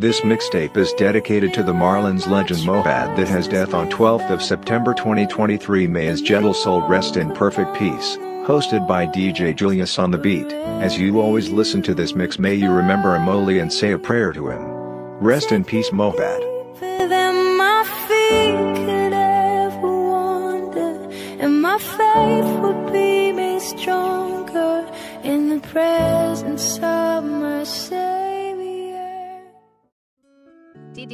This mixtape is dedicated to the Marlins legend Mohad that has death on 12th of September 2023 May his gentle soul rest in perfect peace, hosted by DJ Julius on the beat, as you always listen to this mix may you remember Amoli and say a prayer to him. Rest in peace Mohad. my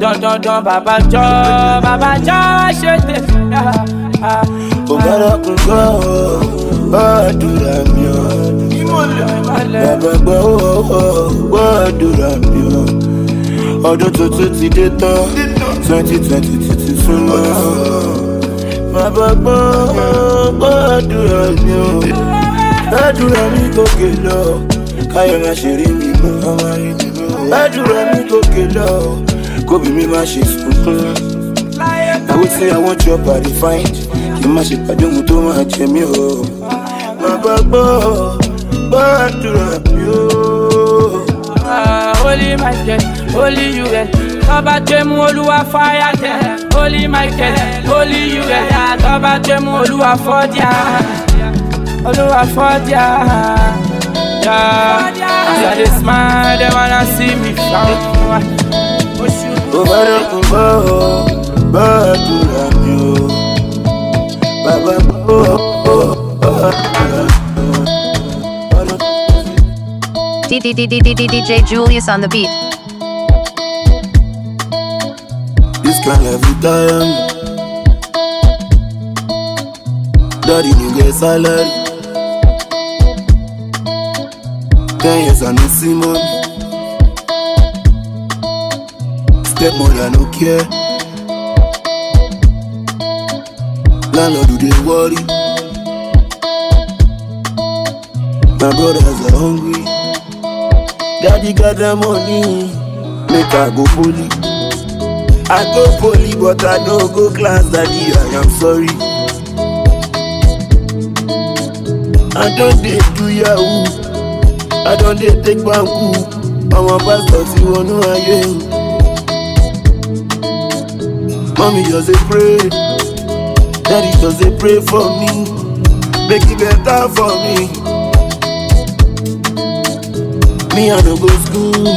dandandan bàbá jọ bàbá jọ ṣe tèmi. kò gbọ́dọ̀ kún gbọ́ gbọ́dúrà mi o. bàbá gbọ́ gbọ́dúrà mi o. ọdún tuntun ti dé tán twenty twenty ti ti súnmọ́. bàbá gbọ́ gbọ́dúrà mi o. gbọ́dúrà mi gòkè lọ káyọ̀ máa ṣe rí mi mú. gbọ́dúrà mi gòkè lọ kóbi mi má ṣe sunkún àwọn tí àwọn tí ọba rí find kí n má ṣe pàdé ohun tó máa oh, mí o. bàbá gbọ́ gbàdúrà mi o. holy michael holy un tọ́ba jẹ́mu olúwa fáyà tẹ̀ holy michael holy un tọ́ba jẹ́mu olúwa fọ́jà olúwa fọ́jà. Yeah, I just smile, they wanna see me frown. bọ́dọ̀ bàbá DJ Julius on the beat. This kind every time. Daddy, you get salary. Ten years and no stepmother no care. Landlord, do they worry? My brothers are hungry. Daddy got the money, make I go poly. I go poly, but I don't go class, daddy. I am sorry. I don't dey do yahoo. I don't dey take bamboo. banku. Oh, àwọn pásítọ̀ tí wọnú ayé o. Mommy just a pray, daddy just a pray for me, make it better for me. Me I no go school,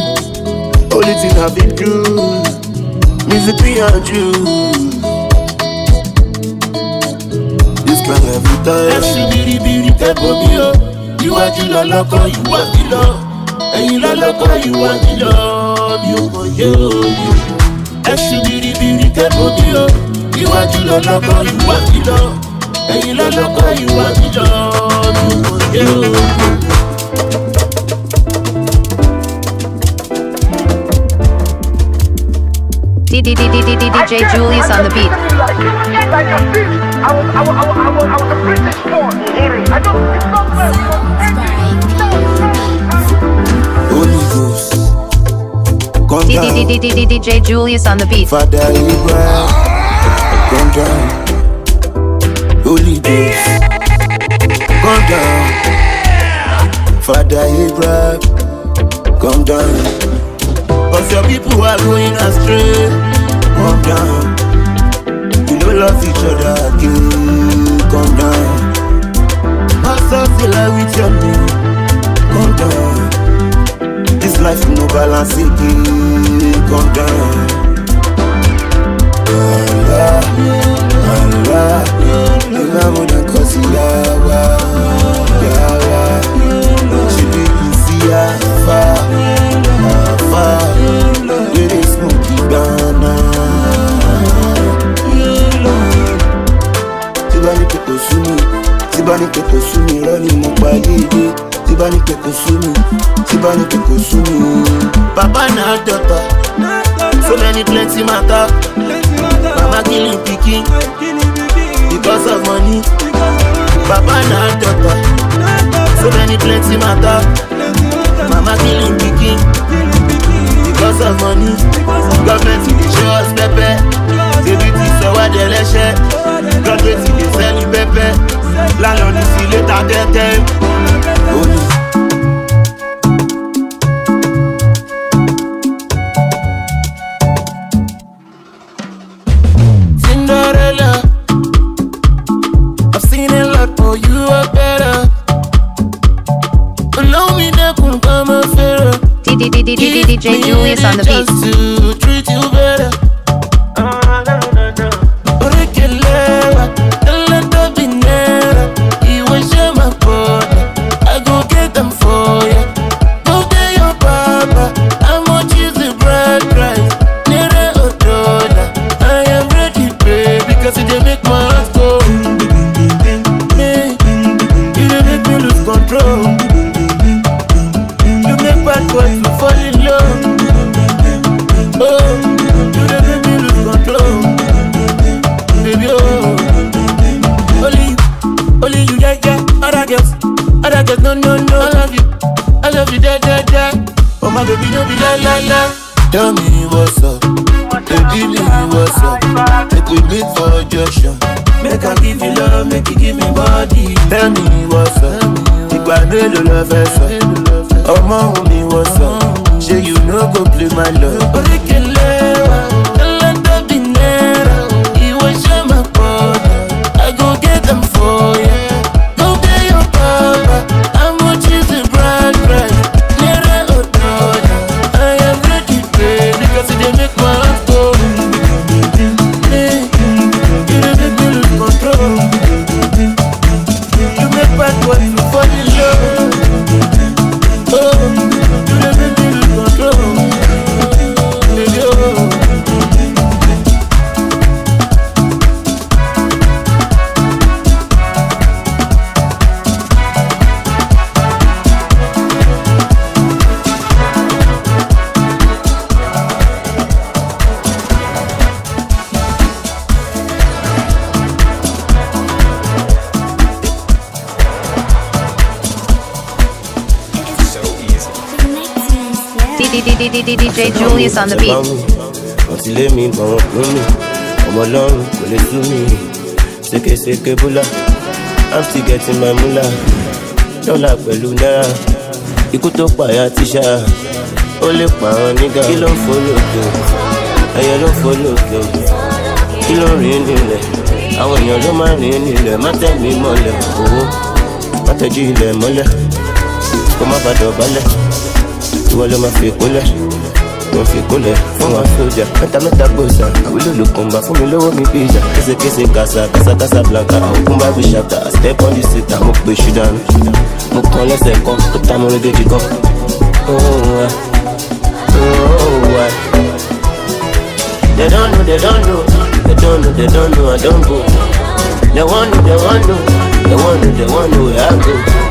only thing I be do, music me and you. This kind every time. Every beauty, beauty, tempo me up. iwájú lọ́lọ́kọ́ you mi lọ ẹ̀yìn lọ́lọ́kọ́ ìwà mi lọ mi ò mọ̀ you, òòlù ẹ̀sùn mi. ìrìkẹ́ bòdì o iwájú lọ́lọ́kọ́ ìwà ìjọ ẹ̀yìn lọ́lọ́kọ́ ìwà ìjọ mi kò DJ Julius on the beat. I was, I was, I was, I was a British born. I don't, it's not Come down. DJ Julius on the beat. Father Abraham. Come down. Holy Ghost. Come down. Father Abraham. Come down. Cause your people are going astray. Come down. We don't love each other again. Come down. Master Silla with your name. Come down. This life no balance again Come down Allah, Allah Ina mo na cause yawa Yawa She be easy afa Afa Lady Smokey Ghana Tí bá ní kò tó sú mi Tí bá ní kò tó sú mi Rọ́ ni mo pa yéé sibanike kò sú mi sibanike kò sú mi. baba na daughter so many plenty matter mama killing pikin because of money. baba na daughter so many plenty matter mama killing pikin because of money. government dey show us pepper baby ti sọ wá dẹ lẹ́sẹ̀ government dey sell you pepper landlord is later tẹ́tẹ́. DJ Julius on the beat. Tell me what's up, baby me what's up Make we meet for junction Make I give you love, make you give me body Tell me what's up, ìgbà mélòó lọ fẹ́ sọ DJ Julius on the beat. ti lé mi bọ̀ wọ́n mi ọmọ ọlọ́run kò lè tú mi ṣékeṣéke búlá i'm still getting my múlá dọ́là pẹ̀lú náírà ikú tó pààyà tíṣà ó lè pààrọ̀ nígà kí ló ń folókè ẹyẹ ló ń folókè kí ló ń rìn nílẹ̀ àwọn èèyàn ló máa rìn nílẹ̀ má tẹ̀ mí mọ́lẹ̀ owó má tẹ̀jú ilẹ̀ mọ́lẹ̀ kó má bàdọ̀ balẹ̀ ìwọ ló máa fi kólẹ̀ mo fi kólẹ̀ fún wọn sójà mẹ́ta mẹ́ta gbòòsà àwílò ló kùnbà fún mi lówó mi bí ìjà blanca àwòkún bá fi ṣàtà step on the seat mo pè ṣùdánù mo kàn lẹ́sẹ̀ kan tó ta mo rédè jù kan. They don't know, they don't know, they don't know, they don't know, I don't go. They want to, they want to, they want to, they want to, I go.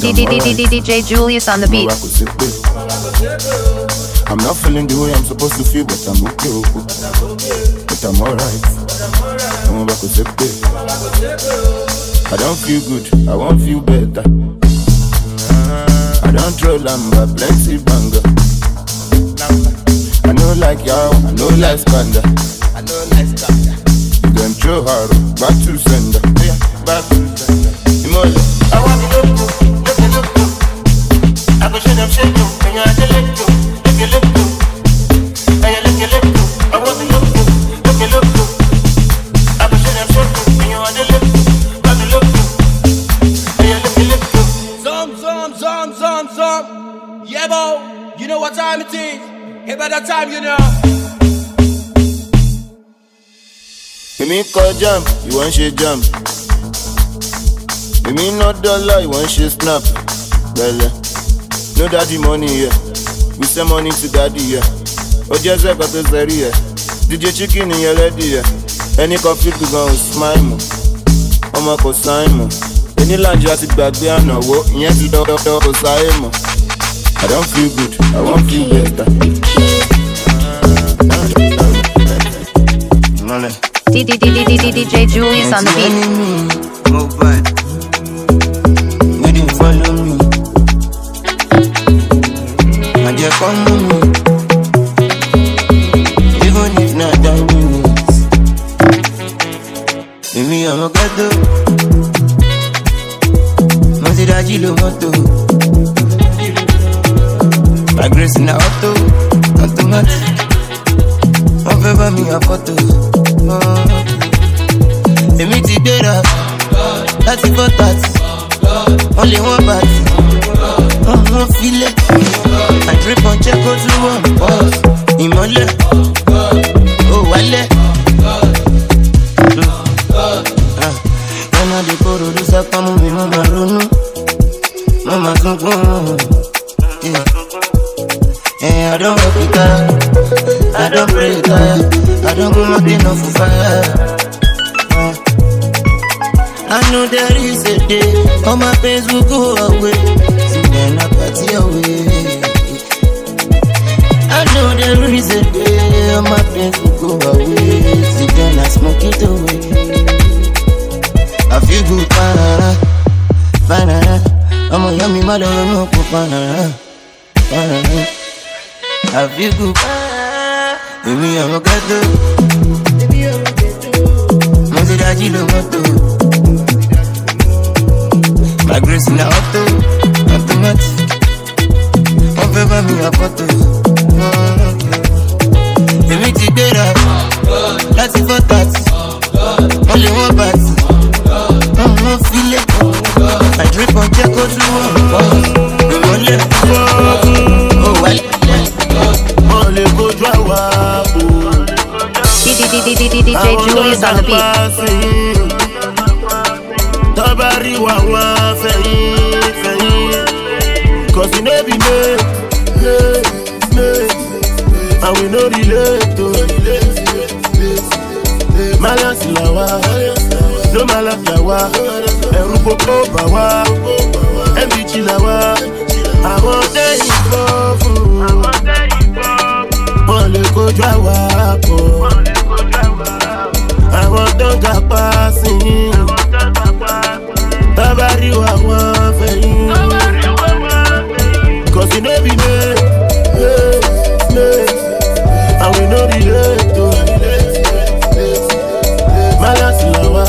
DJ Julius on the beat. I'm not feeling the way I'm supposed to feel, but I'm okay, but I'm alright. I'm back with I don't feel good, I won't feel better. I don't throw lamba, plenty banger. I know like y'all, I know like Spanda. I know like Spanda. You don't throw hard, but to sender. Back to sender. time it is. Here by the time, you know. You Èmi call jam, you want she jam. You Èmi not dollar, you want she snap. Well, no daddy money yẹ. Yeah. We send money to daddy yeah. Ó jẹ́ sẹ́kọ̀ tó sẹ́rí yẹ. DJ chicken yẹn lẹ́dí yẹ. yeah? Any coffee to go an smile mo? mọ̀. Ọmọ kò sáìn mọ̀. Onílànjú àti gbàgbé ànáwó, ìyẹn ti dọ́dọ́ kò sáyé mọ̀. I don't feel good, I won't feel better. DJ Julius on the beat. follow me? I just come thirty for thirty. Only one. on the beat. Tọ́ba rí wà wọ́n fẹ̀yìn Cause we no be late, late, late. And we no relate to Malas lawa, no malas lawa. Ẹ̀rù kókó bà wá, ẹ̀mí jìlá wá. Àwọn ọdẹ ìbọn fún. you lè kojú àwa pọ̀ wọ́n jàpá sí i. Bàbá rí wa wọ́n fẹ́ yín. Cause you no be late, late, late, and we no be late o. Malasi la wa,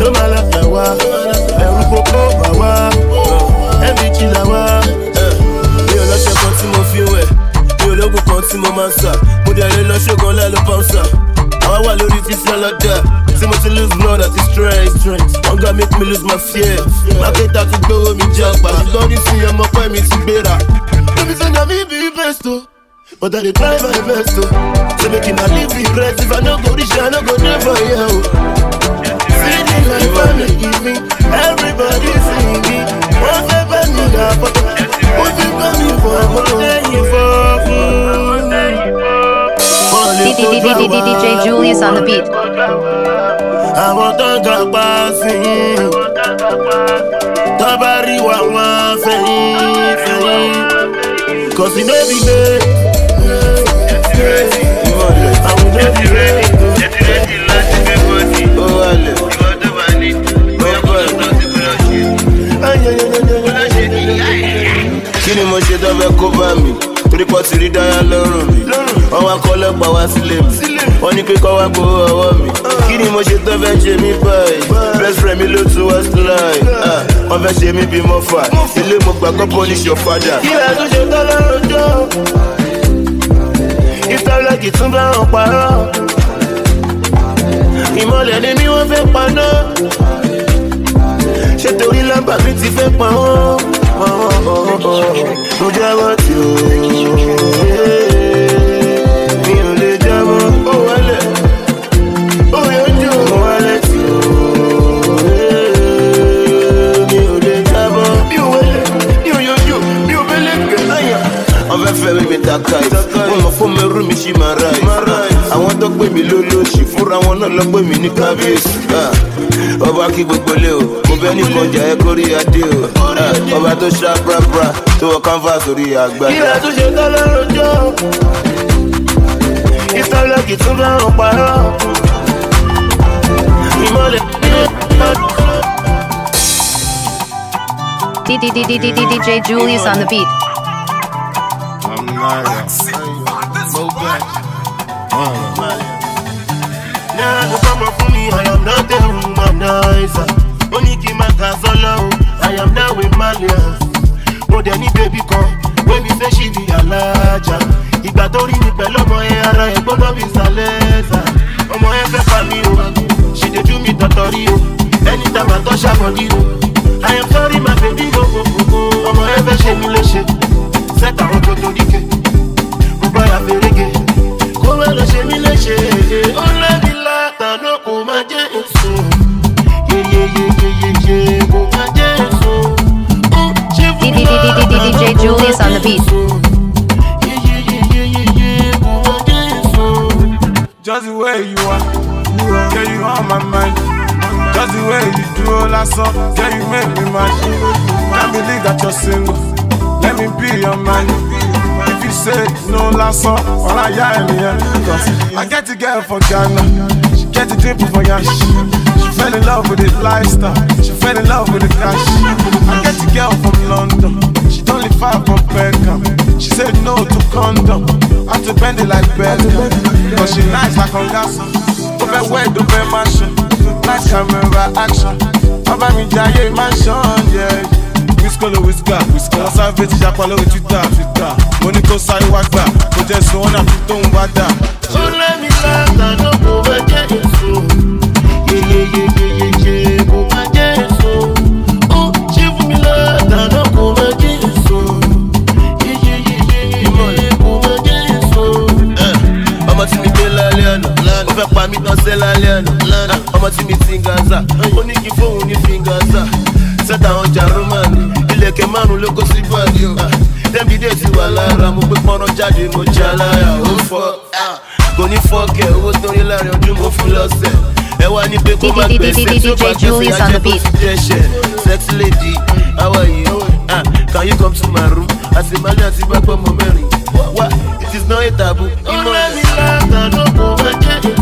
no malasi la wa, ẹ̀rù kókó bà wá, ẹ̀mí jì la wá. Mi ò lọ́ṣẹ́ kan tí mo fi wẹ̀, mi ò lóògùn kan tí mo máa ń sà, mo dẹ̀ Wá wà lórí fífi ọlọ́dà tí mo ti lose none àti strength. Wọ́n gá make me lose my fear. Mákẹ́tà tún gbówó mi jẹ́ ọgbà. Ṣùgbọ́n nísìnyí ọmọ pẹ́ mi ti gbéra. Bébí sọ na mi be best o. But I dey try my best o. Say make una leave me rest if I no go reach I no go dey for here o. See the life I dey give me, everybody see me. Wọ́n fẹ́ bá mi dà pọ̀, wọ́n fi gbọ́ mi fọ̀ mọ́. Wọ́n tẹ̀yìn fọ́ fún un. DJ Julius on the beat. Àwọn tó tó bá rí tó ti ready, tó bá ní, tó tó ti kí ni mo ṣe tó fẹ́ bá mi? Torí pọ̀ dáyà lọ́rùn mi. wọ́n wá kọ́ lọ́pàá wá sílé mi wọ́n ní pé kọ́ wá gbowó ọwọ́ mi ah. kí ni mo ṣe tó fẹ́ ṣe mí báyìí best friend mi ló tún wá síláì ah, wọ́n fẹ́ ṣe mí bí mo fà ilé mo gbà kọ́pọ̀ ní ṣọ fàdà. kí lè tún ṣe tó lọ́rùn jọ ìtàlẹ́kì tún bá wọn parọ́ ìmọ̀lẹ̀ ni mí wọ́n fẹ́ paná ṣé torí lábà mi ti fẹ́ pa wọ́n. mo jẹ́wọ́ tí o. fẹ́mi mi tó ah, bẹ ní kọjá ẹ kórí ah, tó DJ Julius on the beat. Mario. Go back. Now go come I am not a womanizer. Oniki I am now with Malia. Mo dẹ̀ ní bébí kan, wẹ́mi fẹ́ ṣì di alájà. Ìgbà tó rí mi pẹ̀lú ọmọ ẹ̀ ara ẹ̀ gbọ́dọ̀ fi sàlẹ́sà. Ọmọ ẹ fẹ́ fà mí o, ṣèdèjú mi tọ̀tọ̀ rí o. Ẹni tá màá tọ́ ṣàbọ̀dí o. I am sorry my baby, go oh, go oh, go oh, go. Ọmọ ẹ fẹ́ ṣe on the beat. Just the way you are, yeah, you on my mind. Just the way you do all that stuff, yeah, you make me mad. Can't believe that you're single. Let me be your man. If you say no last song, all I hear in Cause I get to get for Ghana, she get to drink for Yash. She fell in love with the lifestyle, she fell in love with the cash. I get to get from London. far from Beckham. She said no to condom. Had to bend it like Beckham. But she nice like on gas. Dope wet, dope mansion. Nice camera action. I buy me jayé mansion, yeah. Wíṣkọ́ ló wíṣkà, wọ́n sáré ti japa lórí Twitter, Twitter. Mo ní kó sáré wá gbà, kó jẹ́ sun ọ́nà tó ń wá ọmọ tí mi ti ń gaza ó ní kí fóun ní fi ń gaza sẹ́tà ọjà romani ilẹ̀kẹ̀ márùn ló kó sí bọ́ọ̀dì o dẹ́bi dé ti wà lára mo pé pọ́nrán jáde mo jẹ́ aláya ó fọ́ kò ní fọ́ọ̀kẹ́ owó tó rí láàrin ọdún mo fún lọ́sẹ̀ ẹ wá ní pé kó má gbèsè tó bá gbèsè ajẹ́ tó fi jẹ́ṣẹ̀ sex lady how are you ah, can you come to my room àtìmọ́lé àti gbàgbọ́ mọ́ mẹ́rin wá it is not a taboo. ó mi látà ló kò wá jẹ́ èyí.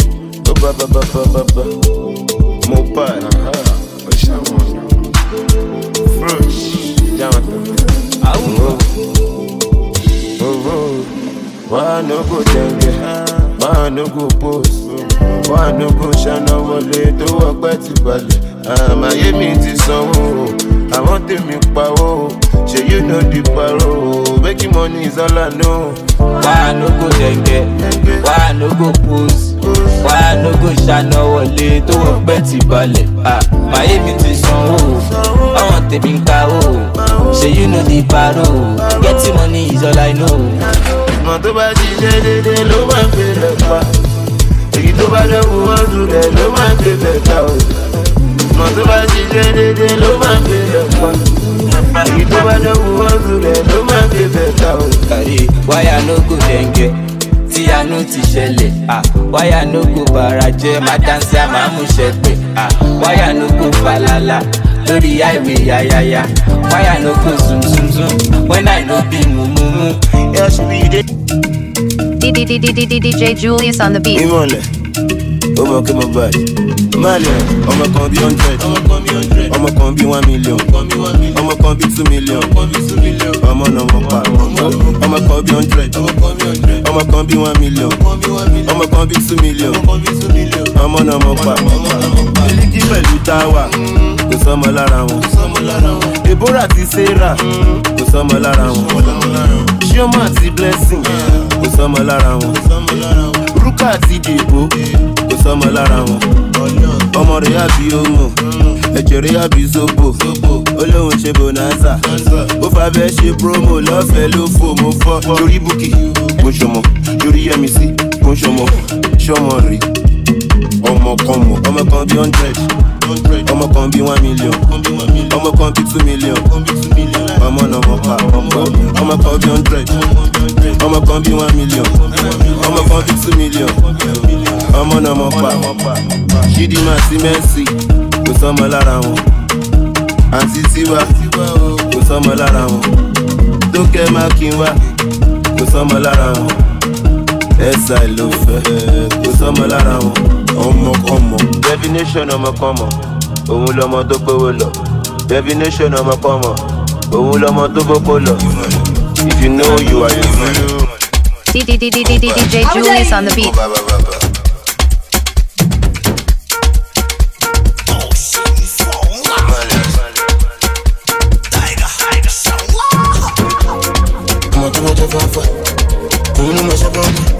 ba ba ba ba ba ba. Mopad. What you want? Fresh. Jonathan. oh, oh, oh, oh, Why no go dengue? Why no go post? Why no go ṣáná wọlé tó ọgbẹ́ ti balẹ̀? Àmàyé mi ti sanwó. Àwọn tèmi pawó. Ṣé you know the parole? Making money is all I know. Why no go dengue? Why no go post? Why I no go shine no nógò ìṣáná wọlé tó wọ́n Ah, my balẹ̀ Miami ti sanwó àwọn tèmi ń kawó Say you know the paro getting money is all I know. ìmọ̀ tó bá ṣiṣẹ́ déédéé ló máa ń pè lẹ́pa èyí tó bá dẹ́kun wọ́n dùn rẹ̀ ló máa ń pè lẹ́ta o ìmọ̀ tó bá ṣiṣẹ́ déédéé ló máa ń pè lẹ́pa èyí tó bá dẹ́kun wọ́n no go denge. tí àánú ti ṣẹlẹ̀ ah, wáyà ló kó bara jẹ́ má dáńsì àmàmúṣẹ pé ah, wáyà ló kó falala lórí àìwé yáyáyá wáyà ló kó zumzumzum when I no be mumumu. DJ Julius on the beat. Ìmọ̀lẹ̀, ó mọ̀ kí mo ki balẹ̀ ọmọ kan bí hundred ọmọ kan bí one million ọmọ kan bí two million ọmọ náà wọ́n pa ọmọ kan bí hundred ọmọ kan bí one million ọmọ kan bí two million ọmọ náà wọ́n pa eléjì pẹ̀lú táwa kò sọmọ lára wọn Deborah àti Sarah kò sọmọ lára wọn Chioma àti Blessing kò sọmọ lára wọn Ruka àti Debo kò sọmọ lára wọn. On m'a on ohun ẹ̀jẹ̀ on yà zobo ó lóun ṣe bonanza ó Au bẹ́ẹ̀ ṣe promo lọ́fẹ̀ẹ́ ló fò mo torí ṣọmọ torí yẹmi sí mo On ṣọmọ rè ọmọ kan On ọmọ kan bí hundred On kan bí one million ọmọ kan bí two million ọmọ náà On pa ọmọ kan bí hundred ọmọ kan bí one million ọmọ kan bí two million. ọmọ náà mọ pa ṣídì máa sí mẹ́sì kò sọmọ lára wọn àǹtí tiwa kò sọmọ lára wọn tókẹ́ mákínwá kò sọmọ lára wọn ẹ̀sà ló kò sọmọ lára wọn ọmọkọmọ. definition ọmọkọmọ òun lọmọ tó gbówó lọ definition ọmọkọmọ òun lọmọ tó gbókó lọ if you know you are your friend. DJ Julius on the beat. Pulo no meu sabão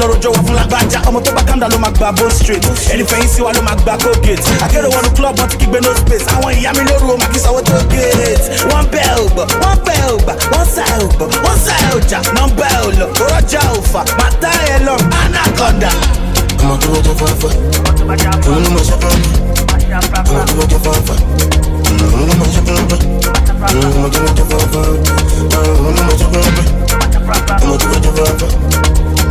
lọ́rọ̀ jọ wọ fún lágbájá ọmọ tó bá kanda ló máa gba bone straight ẹni fẹ̀yìn sí wa ló máa gba colgate akérò wọnú club wọn ti kígbe no space àwọn ìyá mi lóru o máa kí sanwó tó gate wọ́n bẹ́ ò gbọ́ wọ́n bẹ́ ò sá ò gbọ́ sá ò jà nọ́mbà ò lọ òrọ́jà ẹ lọ anaconda. ọmọ tó wọ́n fáfá òun ló máa ṣe pàmpá ọmọ tó wọ́n fáfá òun ló máa ṣe pàmpá ọmọ tó wọ́n fáfá òun ló máa ṣe pàmpá ọmọ tó wọ́n fáfá.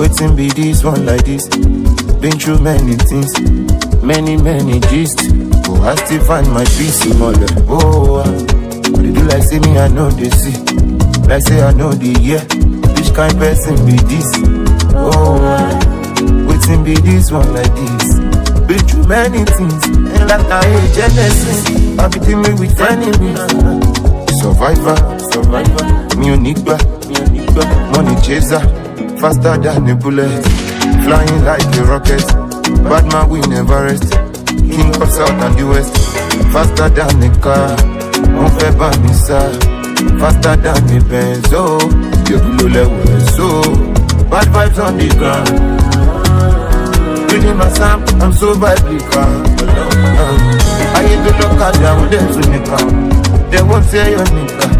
Waiting be this one like this. Been through many things, many, many gist. Oh, I still find my peace, mother. Oh, but ah. they do like say me, I know they see. Like say I know the year. Which kind person be this? Oh, ah. waiting be this one like this. Been through many things, and like I hate Genesis. I've been me with enemies. Survivor, survivor, me me unique, Money chaser. faster than a bullet, flying like a rocket. Bad man, we never rest. King of South and the West, faster than a car. Wọ́n fẹ́ bá mi sá, faster than a Benzo, Oh, Yóò ló lẹ́wọ̀ so. Bad vibes on the ground. Reading my Sam, I'm so biblical. Ayé tó lọ́kadà, àwọn dẹ̀ tún nìkan. They won't tear your nìkan,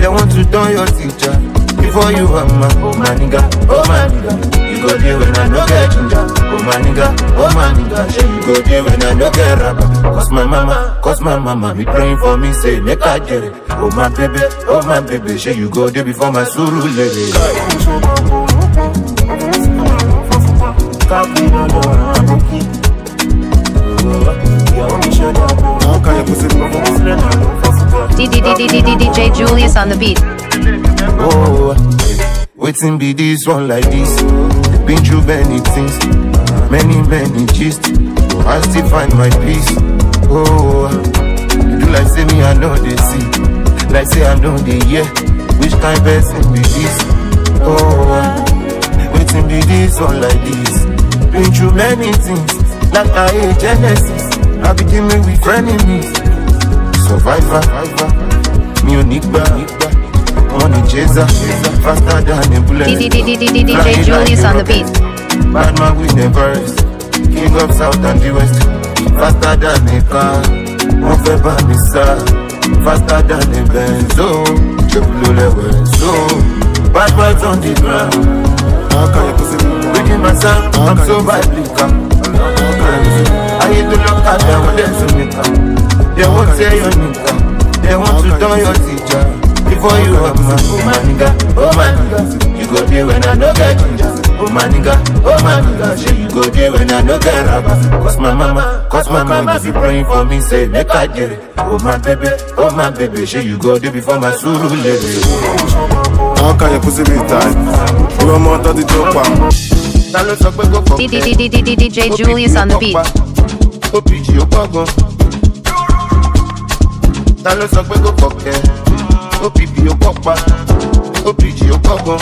they want to turn your teacher. Before you are my, oh my nigga, oh my nigga. You go there when I no get ginger, oh my nigga, oh my nigga. Say you go there when I no get rubber. Cause my mama, cause my mama be praying for me, say make I get it. Oh my baby, oh my baby. Say you go there before my suru lady. DJ Julius on the beat. Oh, waiting be this one like this. Been through many things, many, many gist. I still find my peace. Oh, you do like say me, I know they see. Like say I know they hear. Which kind person be this? Oh, waiting be this one like this. Been through many things, like I hate genesis. I begin me with frenemies. Survivor, me unique, unique. on the chaser, faster than a bullet. DJ Julius on the beat. Batman with the verse, king of south and the west, faster than a car. Move a be faster than a benzo, triple level. So, bad vibes on the ground. Breaking myself, I'm so biblical. I hate to look at them when they see me come. They won't say your nigga, they want to turn your teacher for you, I'm oh, a Omaniga, Omaniga. Oh, you go there when I no get Oh my nigga, oh my nigga, she you go there when I no get rabas. Cause my mama, cause my mama be praying for me, say make I get it. Oh my baby, oh my baby. she you go there before my suru lady. How can your pussy be tight? You are more than the chopper. DJ Julius on the beat. Oh PG, oh Pogo. Ta ló sọ pé kò pọ̀ kẹ́? obi okọpa obìjì okọgbọ.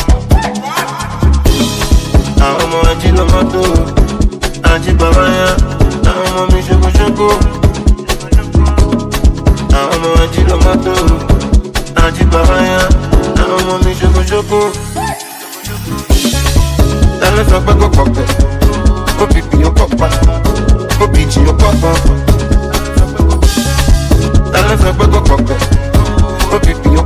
àwọn ọmọ ajé lọmọ tó ajé bàbá yá àwọn ọmọ mi ṣokoṣoko. I'm ajé lọmọ tó ajé bàbá yá àwọn ọmọ mi ṣokoṣoko. ẹlẹ́sọ̀ pẹ́kọ̀ pọ̀pẹ́ obìjì okọpa obìjì okọgbọ. ẹlẹ́sọ̀ I'm obìjì okọpa.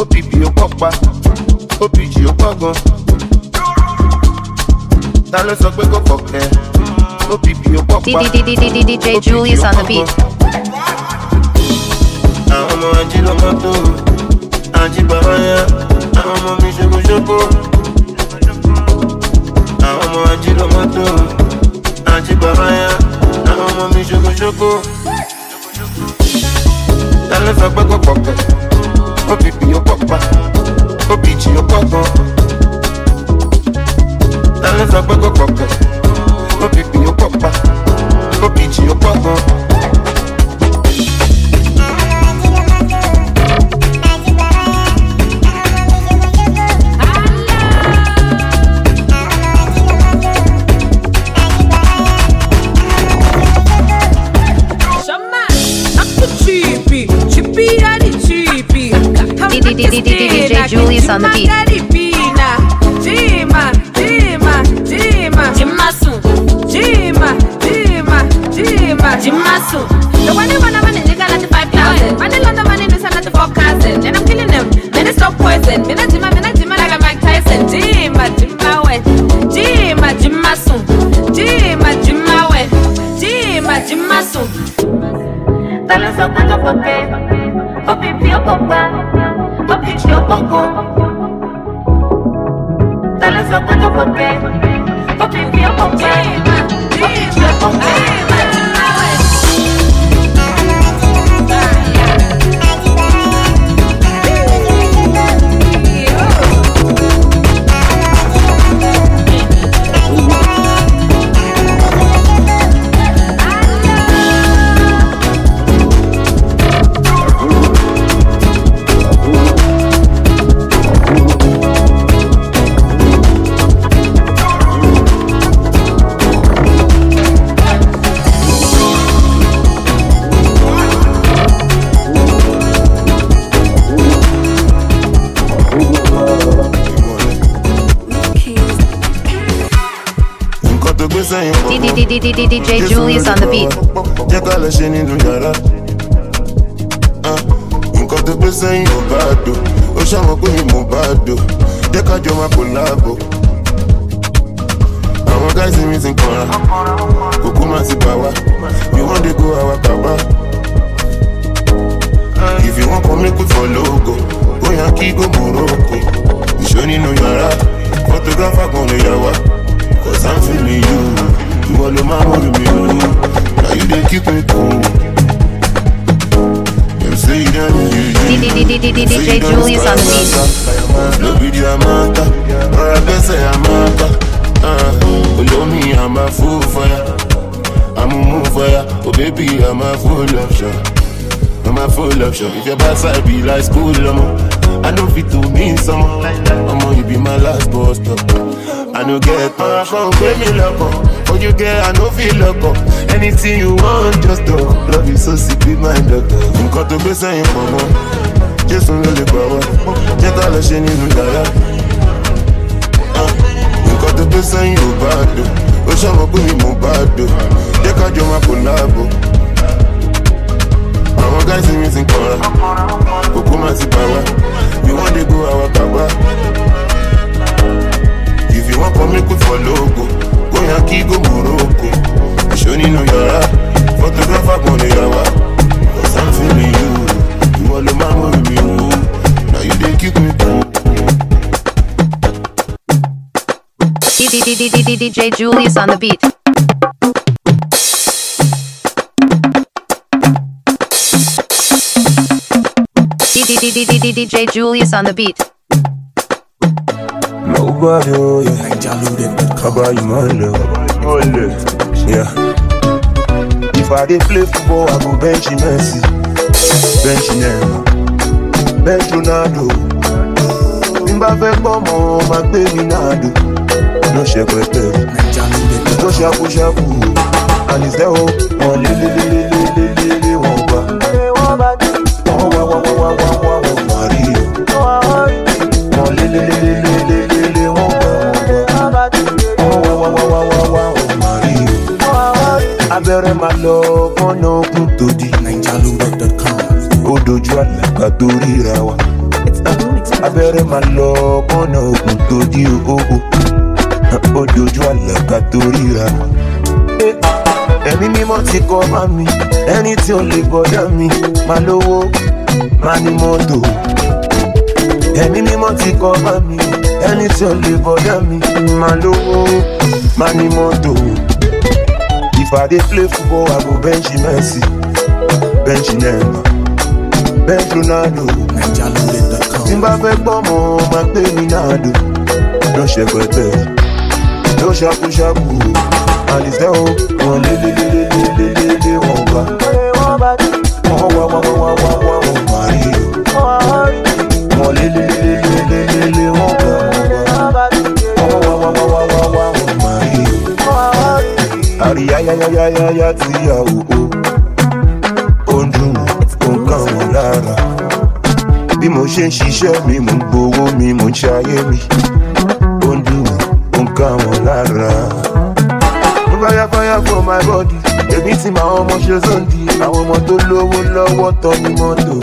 òbìbì ó kọ́pa òbìjì ó ta ló sọ pé kò kọ̀kẹ́ òbìbì òbìjì àwọn ọmọ ajé ló mọ́ tó ajé bàbá yá àwọn ọmọ mi àwọn ọmọ ajé ló mọ́ tó ajé bàbá yá àwọn ọmọ mi ta ló sọ pé kò kọ̀kẹ́. obibi okpọkpa obi ji okpọkọ naleza gbọgbọgbọgbọ obibi okpọkpa obi ji okpọkọ on the beat. Okay. CD DJ Julius on the beat. Je cale chez Ninduyara. Nǹkan tó gbé sẹ́yìn ò bá dò. Ó ṣàwọn pé mi mò bá dò. Jẹ́ ká jọ máa kò láàbò. Àwọn gáìsì mi ti ń kanra. You wan dey go our kaba. If you wan come make we follow go. Bóyá go Morocco. Ìṣó nínú yàrá. Photographer kan lè wá. Cause I'm feeling you ìwọ ló máa wọ́n mi o na you dey keep me cool. Dem say you dey say you don stop waka. No be their matter, ọ̀rọ̀ gbèsè àmàkà. Olómi àmà fún fire, àmúmú fire, oh baby àmà fún lọ́ṣọ̀. I'm a full option. If your bad side be like school, I'm I know fit to mean someone. I'm on you be my last boss I no get passion, pay me love. Oh, you get, I know feel up. Anything you want, just do. Love you so sick, be my doctor. Nǹkan tó gbé sẹ́yìn pọ̀ mọ́. Jésù ló lè gbà wá. Jẹ́ ká lọ ṣe nínú yàrá. Ah, nǹkan tó gbé sẹ́yìn ò bá dò. Ó ṣọ̀rọ̀ pé mi mò bá dò. Jẹ́ ká jọ máa kò láàbò. Àwọn gáìsì mi ti kọ̀ra. Kòkó máa ti bà wá. Bí wọ́n dé gbó àwa kà wá. If you want come, make we follow go. Aki go Morocco Shoni no yara Photographer kone yawa Cause I'm feeling you You all the Now you dey me DJ Julius on the beat DJ Julius on the beat bàbá yóò yẹ bàbá yìí mọ̀ lẹ̀ mọ̀ lẹ̀ yẹ. If I dey play football, I go bench Messi, bench Neymar, bench Ronaldo. Bí n bá fẹ́ pọ̀ mọ́, máa gbé mi náà dò. Lọ ṣẹpẹtẹ, and is there hope? Oh. Wọ́n abẹ́rẹ́ máa lọ kọ́nà okùn tó di naijaload.com ó dojú àlàkà tó ríra wa abẹ́rẹ́ máa lọ kọ́nà okùn tó di owó ó dojú àlàkà tó ríra wa. ẹ̀mí mímọ́ ti kọ́ bá mi ẹni tí ó lè kọjá mi máa lówó máa ní mọ́tò ẹ̀mí mímọ́ ti kọ́ bá mi ẹni tí ó lè kọjá mi máa lówó máa ní mọ́tò. If I dey play football, I go bench Messi, bench Neymar, bench Ronaldo. Tí n bá fẹ́ gbọ́ mọ́, máa gbé mi náà dùn. Lọ ṣẹ̀gbẹ̀gbẹ̀, lọ ṣàkóṣàkó. Àlìfẹ́ o, wọ́n lé lé lé lé lé lé lé wọ́n bá. Wọ́n bá ti. yáyáyáyáyá tíyàwó ó ń dùn ó ń lára bí mo ṣe ń ṣiṣẹ́ mi mò ń gbowó mi mò ń ṣayé mi ó ń dùn lára. mo fire fire for my body èmi tí màá ọmọ ṣe sóńdì àwọn ọmọ tó lówó lọ́wọ́ tọ́ ní mọ́tò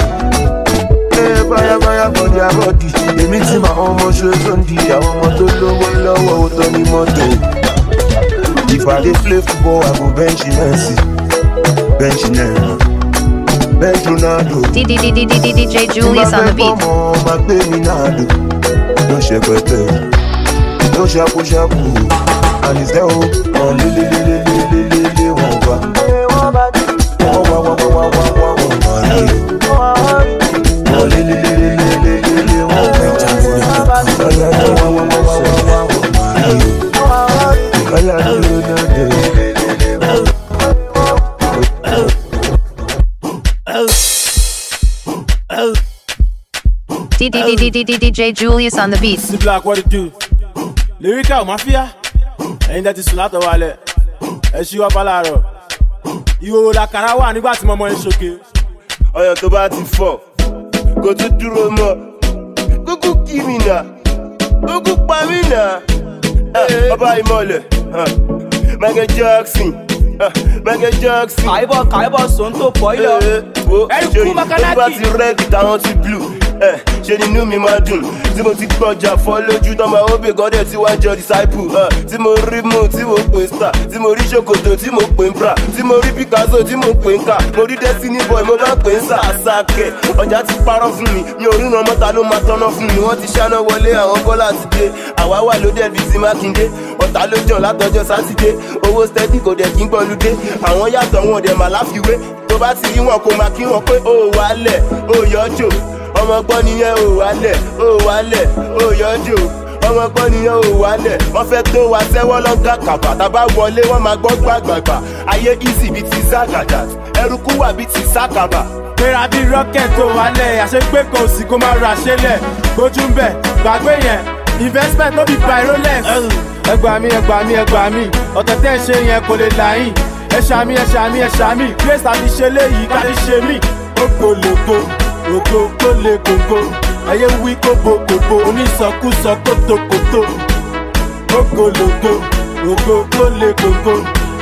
fáyáfáyá for their body èmi tí màá ọmọ ṣe sóńdì àwọn ọmọ tó lówó lọ́wọ́ tọ́ ní mọ́tò. I dey play football, I go bench Messi, bench Neymar, bench Ronaldo. DJ Julius on the beat. my baby Nado, no no and there on D D D D J Julius on the beat. The black what it do? mafia. nígbà ah, ah, Jackson. Ah, Jackson. Eh, ṣe ni inú mi máa dùn tí mo ti gbọ́njà fọ́ lójú tán máa ó bè gọ́dẹ̀ tí wàá jọ disciple eh, tí mo rí mu tí mo pè star tí mo rí ṣòkòtò tí mo pè bra tí mo rí Picasso tí mo pè ń mo rí destiny boy mo bá pè ń sà ọjà ti parọ́ fún mi mi ò rí ìran mọ́ta ló máa tọ́nà fún mi wọ́n ti ṣáná wọlé àwọn kọ́lá ti dé àwa wà ló dẹ̀ fi sí mákindé ọ̀tá ló jàn látọjọ́ sátidé owó steady kò dẹ̀ kí ń gbọ́ludé àwọn yàtọ̀ wọn dẹ̀ mà láfiwé tó bá ti rí wọn kò máa kí wọn pé ó wà lẹ̀ ó yọjò ọmọ pọ́n nìyẹn ò wálẹ̀ ò wálẹ̀ ò yọjú ọmọ pọ́n nìyẹn ò wálẹ̀ wọ́n fẹ́ tó wa sẹ́wọ́ lọ́gà kàbà tábà wọlé wọ́n máa gbọ́ gbàgbàgbà ayé easy bíi ti ságàdà ẹrukú wà bíi ti ságàbà gbéra bí rọ́kẹ̀tì ò wálẹ̀ àṣepé kò sí kó má ra ṣẹlẹ̀ gbójú ń bẹ̀ gbàgbé yẹn investment no be pyrolex. ẹ gbà mí ẹ gbà mí ẹ gbà mí ọ̀tẹ̀ tẹ́ ṣe yẹn kò lè là yín ẹ ṣàmì ẹ ṣàmì ẹ ṣàmì grace àti ṣe léyìí ká lè ṣe mí ó gbòlògbò ògo tó le gbogbo ayé wí kóbokòbo onísọkúsọ kótókótó ògòlògo ògo tó le gbogbo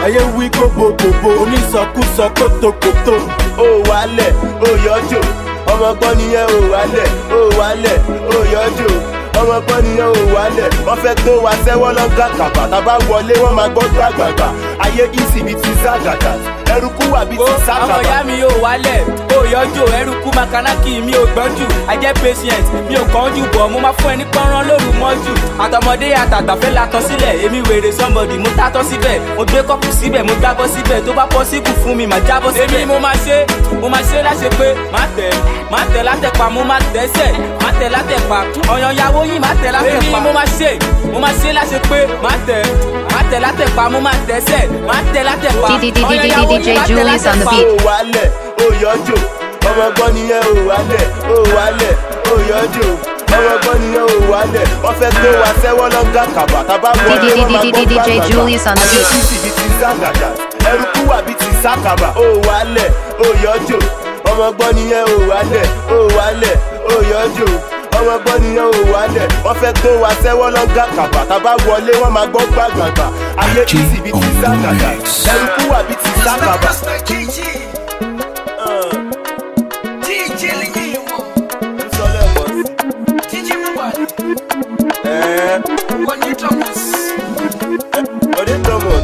ayé wí kóbokòbo onísọkúsọ kótókótó. ó wálẹ̀ ó yọjò ọmọ kan nìyẹn ó wálẹ̀ ó wálẹ̀ ó yọjò ọmọ kan nìyẹn ò wálẹ̀ wọ́n fẹ́ tó wa sẹ́wọ́n lọ́gà tá a bá wọlé wọ́n máa gbọ́ gbàgbàgbà ayé kìí síbi ti ságàgà ẹrùkú wà bíi ti sábà. ọmọ ìyá mi ò wálẹ̀ ó yọjú ẹrùkú makanaki mi ò gbọ́njù àjẹ́ patient mi ò kánjú bọ̀ mo máa fún ẹni pọ́nrán lóru mọ́jú àtọmọdé àtàgbàfẹ́ la tán sílẹ̀ èmi wèrè somebody mo tátọ́ síbẹ̀ mo gbé kọ́pù síbẹ̀ mo gbábọ́ síbẹ̀ tó bá possible fún mi màá jábọ́ síbẹ̀. èmi mo máa ṣe mo máa ṣe láṣẹ pé má tẹ̀ má tẹ̀ látẹ̀pa mo má tẹ̀sẹ̀ má tẹ̀ látẹ̀pa ọ̀yàn yàwó yìí má tẹ̀ látẹ̀pa. èmi mo máa ṣe mo máa ṣe láṣẹ pé má tẹ̀ má tẹ̀ látẹ̀pá mo máa tẹ̀sẹ̀ máa tẹ̀ látẹ̀pá. DJ Julius on the beat. ó wálẹ̀ ó yọjò ọmọ ẹgbọ́n nìyẹn ó wálẹ̀ ó wálẹ̀ ó yọjò ọmọ ẹgbọ́n nìyẹn ó wálẹ̀ wọ́n fẹ́ tó wa sẹ́wọ́ lọ́gà kàbà tábà wọlé wọ́n máa gbọ́ gbàgbà. DJ Julius on the beat. ẹrú kúwà bíi ti sákàbà ó wálẹ̀ ó yọjò ọmọ ẹgbọ́n nìyẹn ó wálẹ̀ ó wálẹ̀ ó yọjò. ọmọ bọ́ni yẹn ò wálẹ̀ wọ́n fẹ́ tó wa sẹ́wọ́ lọ́gà kàbà tábà wọlé wọ́n máa gbọ́ gbàgbàgbà ayé kìsì bíi ti sàkàkà ẹrùkú wà bíi ti sàkàkà. Onídọ́mọ̀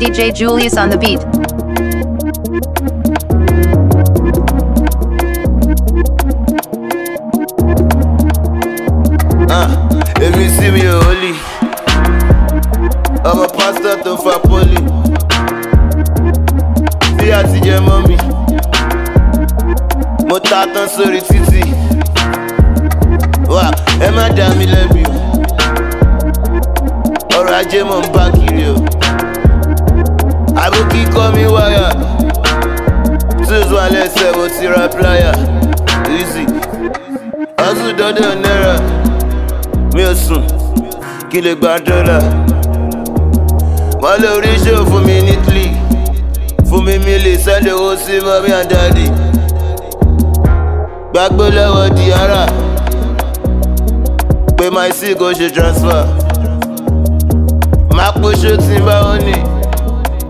DJ Julius on the beat. sí mi oh, holy, I'm a pastor tó fa poly. See àtijọ́ mọ́ mi mo ta tán sórí títì wá ẹ má dá mi lẹ́bi ọrọ̀ ajé mọ̀ ń bá kiri o àbókí kọ́ mi wáyà two one lẹ́sẹ̀ mo ti kí lè gba dọ́là wọ́n lè rí ṣó fún mi ní tìlì fún mi mi lè sẹ́lẹ̀ owó sí mọ́mí àdáàdì gbàgbé lọ́wọ́ di ara pé máa transfer máa pọ́ṣọ́ tí bá wọn ní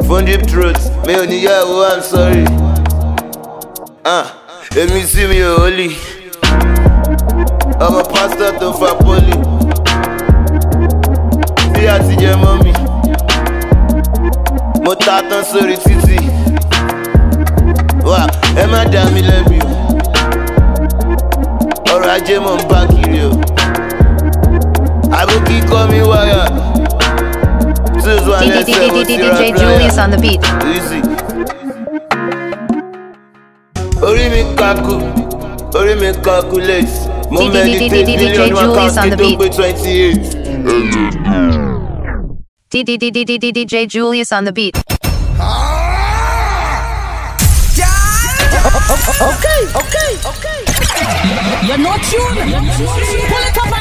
fún deep throat mi ò níyàwó i'm sorry ah, èmi sí mi ò hólì ọmọ pásítọ̀ to Fapoli. pólì lórí àtijẹ mọ́ mi mo ta tán sórí títì wá ẹ má dá mi lẹ́bi o ọrọ̀ ajé mọ̀ ń bá kiri o àbókí kọ́ mi wáyà tíwèé wà lẹ́sẹ̀ mo ti ra pílẹ́yà orí mi kakú orí mi calculate mo meditate million one count kí tó twenty eight. DJ Julius on the beat. Okay, okay, okay. You're not tuned. Pull it up